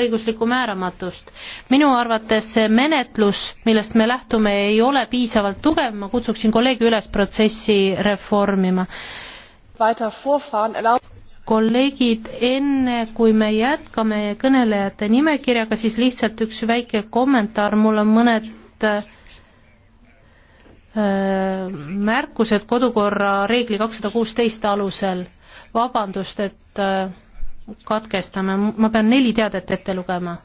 õiguslikku määramatust. minu arvates see menetlus, millest me lähtume, ei ole piisavalt tugev, ma kutsuksin kolleege üles protsessi reformima. kolleegid, enne kui me jätkame kõnelejate nimekirjaga, siis lihtsalt üks väike kommentaar, mul on mõned äh, märkused kodukorra reegli kakssada kuusteist alusel. vabandust, et äh, katkestame, ma pean neli teadet ette lugema,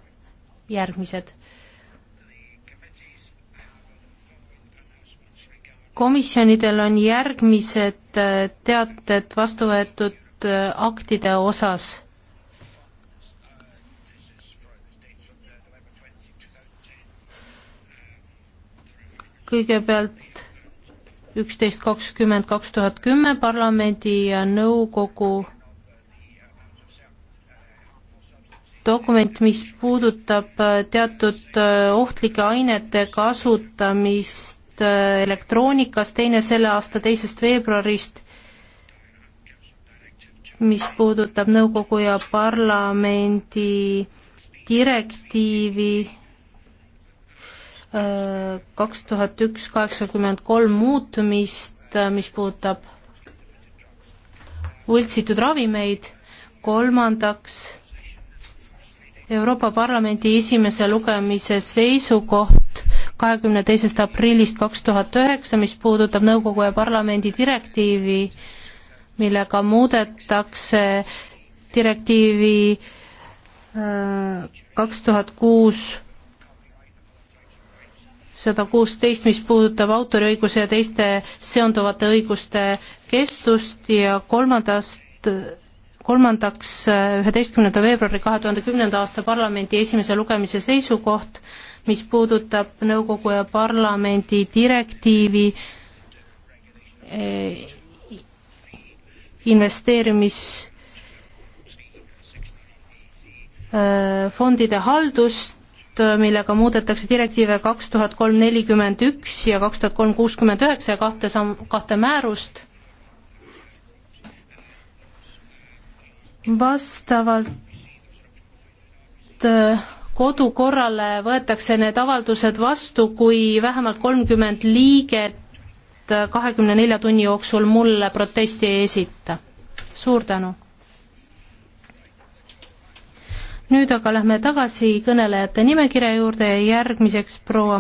järgmised. komisjonidel on järgmised äh, teated vastu võetud äh, aktide osas kõigepealt üksteist kakskümmend kaks tuhat kümme parlamendi ja nõukogu dokument, mis puudutab äh, teatud äh, ohtlike ainete kasutamist äh, elektroonikas, teine selle aasta teisest veebruarist, mis puudutab nõukogu ja parlamendi direktiivi kaks tuhat üks kaheksakümmend kolm muutumist, mis puudutab võltsitud ravimeid, kolmandaks Euroopa Parlamendi esimese lugemise seisukoht kahekümne teisest aprillist kaks tuhat üheksa, mis puudutab Nõukogu ja parlamendi direktiivi, millega muudetakse direktiivi äh, kaks tuhat kuus sada kuusteist, mis puudutab autoriõiguse ja teiste seonduvate õiguste kestust ja kolmandast kolmandaks, äh, üheteistkümnenda veebruari kahe tuhande kümnenda aasta parlamendi esimese lugemise seisukoht, mis puudutab nõukogu ja parlamendi direktiivi äh, investeerimisfondide äh, haldust, millega muudetakse direktiive kaks tuhat kolm nelikümmend üks ja kaks tuhat kolm kuuskümmend üheksa ja kahte samm, kahte määrust vastavalt äh, kodukorrale võetakse need avaldused vastu, kui vähemalt kolmkümmend liiget äh, kahekümne nelja tunni jooksul mulle protesti ei esita. suur tänu. nüüd aga lähme tagasi kõnelejate nimekirja juurde ja järgmiseks proua